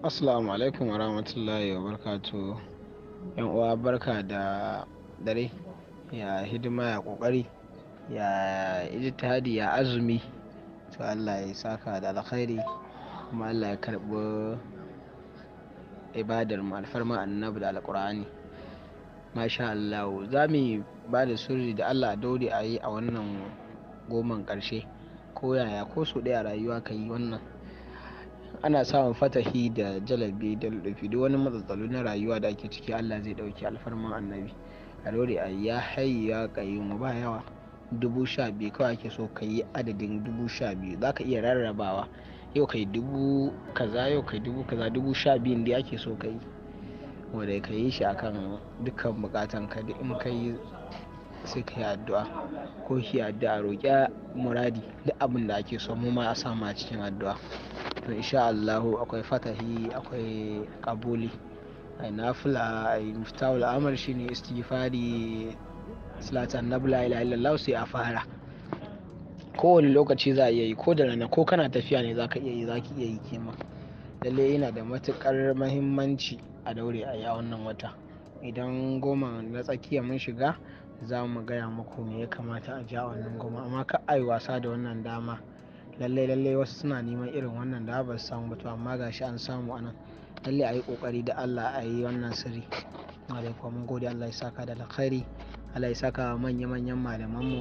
Assalamu alaikum wa rahmatullahi wa barkatu. Yan uwa barka da dare, ya hidima ya kokari, ya ijtihadi ya azumi. To Allah ya saka da alkhairi kuma Allah ya karbi ibadar mu alfarma annabi da alkur'ani Masha Allah za mu ba da sirri da Allah daure a yi a wannan goman karshe ko yaya ko su ɗaya rayuwa ka yi wannan ana samun fatahi da jalabi da lufi duk wani matsatsalo na rayuwa da ake ciki Allah zai dauki alfarman annabi a dore a ya hayi ya mu ba yawa dubu sha biyu kawai ake so ka yi adadin dubu sha biyu za ka iya rarrabawa yau kai dubu kaza yau kai dubu kaza dubu sha biyu da ake so ka yi wanda ka yi shi akan dukkan bukatan ka da in ka yi sai ka yi addu'a ko shi addu'a roƙi muradi duk abin da ake so mu ma a sama a cikin addu'a to insha Allahu akwai fatahi akwai kabuli ai nafila ai miftahul amr shine istighfari salatan nabla ila illallah sai a fara kowane lokaci za a iya yi ko da rana ko kana tafiya ne za ka iya yi za ka iya yi kima lalle yana da matukar mahimmanci a daure a yawon nan wata idan goma na tsakiya mun shiga za mu gaya muku me ya kamata a ja wannan goma amma ka ai wasa da wannan dama lallai lallai wasu suna neman irin wannan da ba su samu ba to amma gashi an samu anan lallai a yi kokari da Allah a yi wannan sirri alaikum mun gode Allah ya saka da alkhairi Allah ya saka manya manyan malaman mu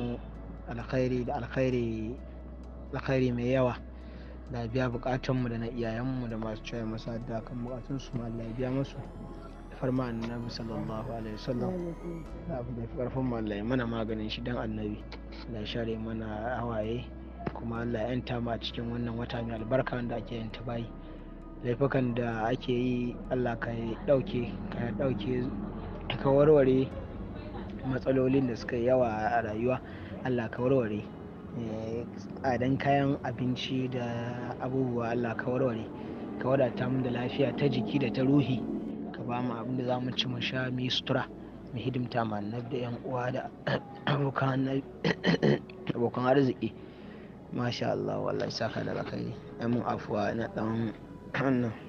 alkhairi da alkhairi alkhairi mai yawa da biya bukatun mu da na iyayen mu da masu cewa masu da kan bukatun su Allah ya biya musu farma annabi sallallahu alaihi wasallam da abu da karfin mu Allah ya mana maganin shi dan annabi da share mana hawaye kuma Allah ya yanta ma a cikin wannan wata mai albarka wanda ake yin ta bayi laifukan da ake yi Allah ka dauke ka dauke ka warware matsalolin da suka yi yawa a rayuwa Allah ka warware eh, tsadan kayan abinci da abubuwa Allah ka warware ka wadata mu da lafiya ta jiki da ta ruhi ka ba mu abin da za mu ci mu sha mu yi sutura mu hidimta ma da yan uwa da abokan arziki ما شاء الله والله جزاك الله خير مو عفوا انا